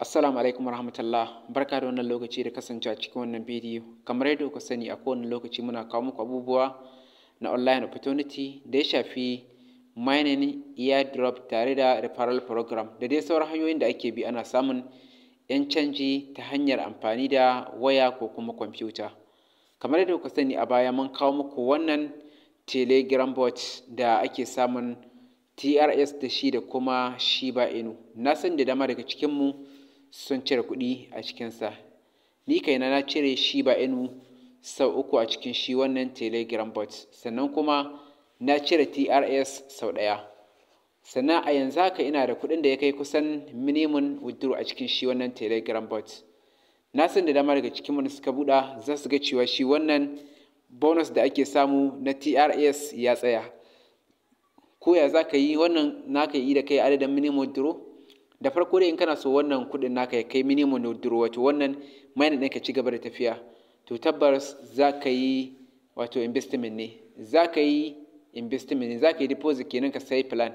Assalamu alaikum warahmatullah barka da wannan lokaci da kasancewa cikin wannan bidiyo kamar yadda kuka sani a kowane lokaci muna kawo muku abubuwa na online opportunity da ya shafi mining airdrop tare da referral program da dai sauran hanyoyin da ake bi ana samun 'yan canji ta hanyar amfani da waya ko kuma kwamfuta kamar yadda kuka sani a baya mun kawo muku wannan telegram bot da ake samun trs da shi da kuma shiba inu na san da dama daga cikinmu sun cire kuɗi a cikinsa ni kaina na cire shi ba inu sau uku a cikin shi wannan telegram bot sannan kuma na cire trs sau ɗaya sannan a yanzu haka ina da kuɗin da ya kai kusan minimum withdraw a cikin shi wannan telegram bot na san da dama daga cikin wani suka buɗa za su ga cewa shi wannan bonus da ake samu na trs ya tsaya ko ya za ka yi wannan na ka yi da kai adadin minimum withdraw da farko dai in kana so wannan kuɗin naka ya kai minimum withdrawal wato wannan mining ɗin ka ci gaba da tafiya to tabbas za ka yi wato investment ne za ka yi investment ne za ka yi deposit kenan ka sai plan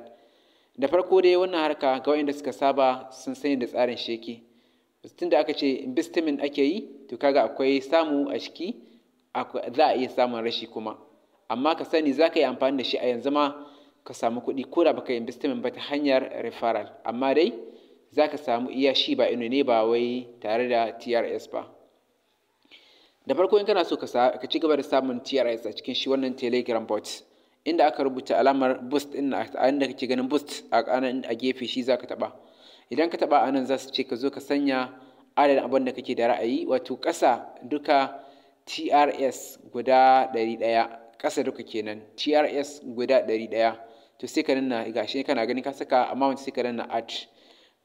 da farko dai wannan harka ga wanda suka saba sun sani da tsarin sheki tun da aka ce investment ake yi to kaga akwai samu a ciki za a iya samun rashi kuma amma ka sani za ka yi amfani da shi a yanzu ma ka samu kuɗi ko da baka yi investment ba ta hanyar referral amma dai za ka samu iya shi ba ino ne ba wai tare da trs ba da farko in kana so ka ci gaba da samun trs a cikin shi wannan telegram bot inda aka rubuta alamar boost din na inda kake ganin boost a kanan a gefe shi za ka taba idan ka taba anan za su ce ka zo ka sanya adadin abin da kake da ra'ayi wato kasa duka TRS guda 100 ƙasa duka kenan TRS guda 100 to sai ka nuna gashi kana gani ka saka amount sai ka nuna art.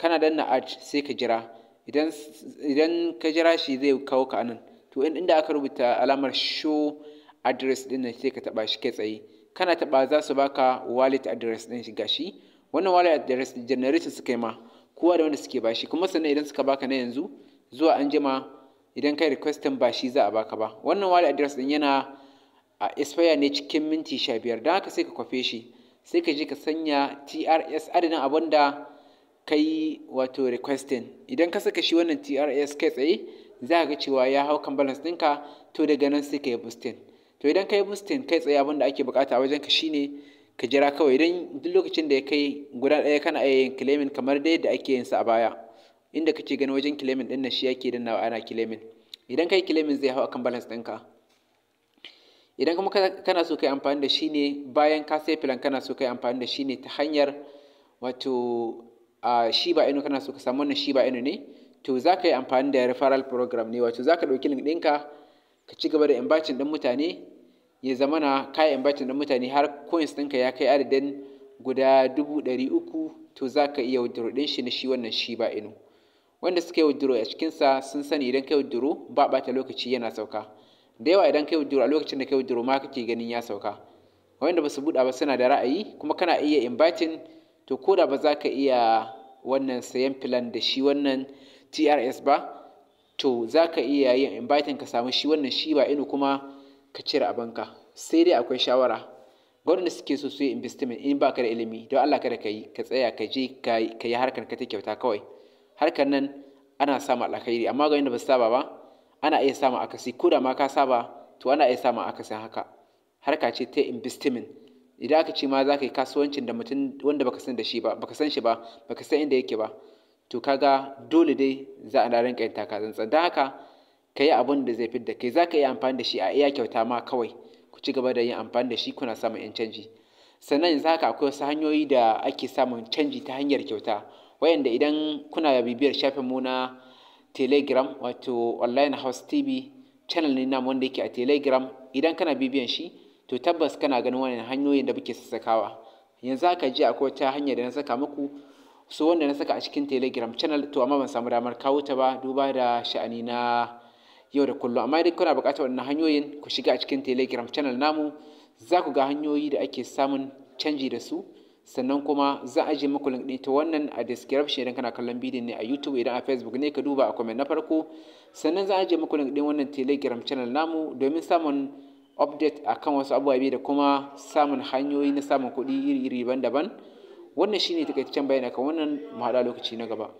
kana na arch sai ka jira idan ka jira shi zai kawo ka anan to inda aka rubuta alamar show address din nan sai ka taba shi kai tsaye kana taba za su baka wallet address din shi gashi wannan wallet address generator suka yi ma kowa da wanda suke bashi kuma sannan idan suka baka na yanzu zuwa an jima idan kai request ba shi za a baka ba wannan wallet address din yana a expire ne cikin minti 15 dan haka sai ka kwafe shi sai ka je ka sanya TRS adadin abinda da kai wato requesting idan ka saka shi wannan trs kai tsaye za ga cewa ya hau kan balance ɗinka to daga nan sai ka yi boosting to idan ka yi boosting kai tsaye abin da ake bukata a wajen ka shine ka jira kawai idan duk lokacin da ya kai guda ɗaya kana iya yin claiming kamar dai yadda ake yin sa a baya inda kake gani wajen claiming ɗin nan shi yake dannawa ana claiming idan ka claiming zai hau akan balance ɗinka idan kuma kana so ka yi amfani da shi ne bayan ka sai filan kana so ka yi amfani da shi ne ta hanyar wato shi ba inu kana so ka samu wannan shi ba inu ne to za ka yi amfani da referral program ne wato za ka ɗauki link ɗinka ka ci gaba da inviting ɗin mutane ya zama na ka yi ɗin mutane har coins ɗinka ya kai adadin guda dubu ɗari uku to za ka iya withdraw ɗin shi na shi wannan shi ba inu wanda suka yi withdraw a cikinsa sun sani idan ka yi withdraw ba ɓata lokaci yana sauka da yawa idan ka yi withdraw a lokacin da ka yi withdraw ma kake ganin ya sauka wanda ba su buɗa ba suna da ra'ayi kuma kana iya inviting to ko da ba za ka iya wannan sayan filan da shi wannan trs ba to za ka iya yin inviting ka samu shi wannan shi ba inu kuma ka cire abinka sai dai akwai shawara gwamnati suke so su yi investment in baka da ilimi don allah kada ka yi ka tsaya ka je ka yi harkar ka ta kyauta kawai harkar nan ana samun alkhairi amma ga da ba su saba ba ana iya samun akasi ko da ma ka saba to ana iya samun akasin haka harka ce ta investment idan aka ce ma za ka yi kasuwancin da mutum wanda baka san shi ba baka san shi ba baka san inda yake ba to kaga dole dai za a na rinka yin taka tsantsan haka ka yi abin da zai fi da kai za ka yi amfani da shi a iya kyauta ma kawai ku ci gaba da yin amfani da shi kuna samun yan canji sannan yanzu haka akwai wasu hanyoyi da ake samun canji ta hanyar kyauta wayanda idan kuna bibiyar shafin mu na telegram wato online house tv channel ne namu wanda yake a telegram idan kana bibiyan shi to tabbas kana ganin wannan hanyoyin da muke sassakawa yanzu aka ji akwai wata hanyar da na saka muku su wanda na saka a cikin telegram channel to amma ban samu damar kawo ta ba duba da sha'ani na yau da kullum amma idan kuna buƙatar wannan hanyoyin ku shiga a cikin telegram channel namu za ku ga hanyoyi da ake samun canji da su sannan kuma za a je muku link ɗin ta wannan a description idan kana kallon bidiyon ne a YouTube idan a Facebook ne ka duba a comment na farko sannan za a je muku link ɗin wannan Telegram channel namu domin samun update a kan wasu abubuwa da kuma samun hanyoyi na samun kuɗi iri-iri daban-daban wannan shine takaitaccen bayani akan wannan mu haɗa lokaci na gaba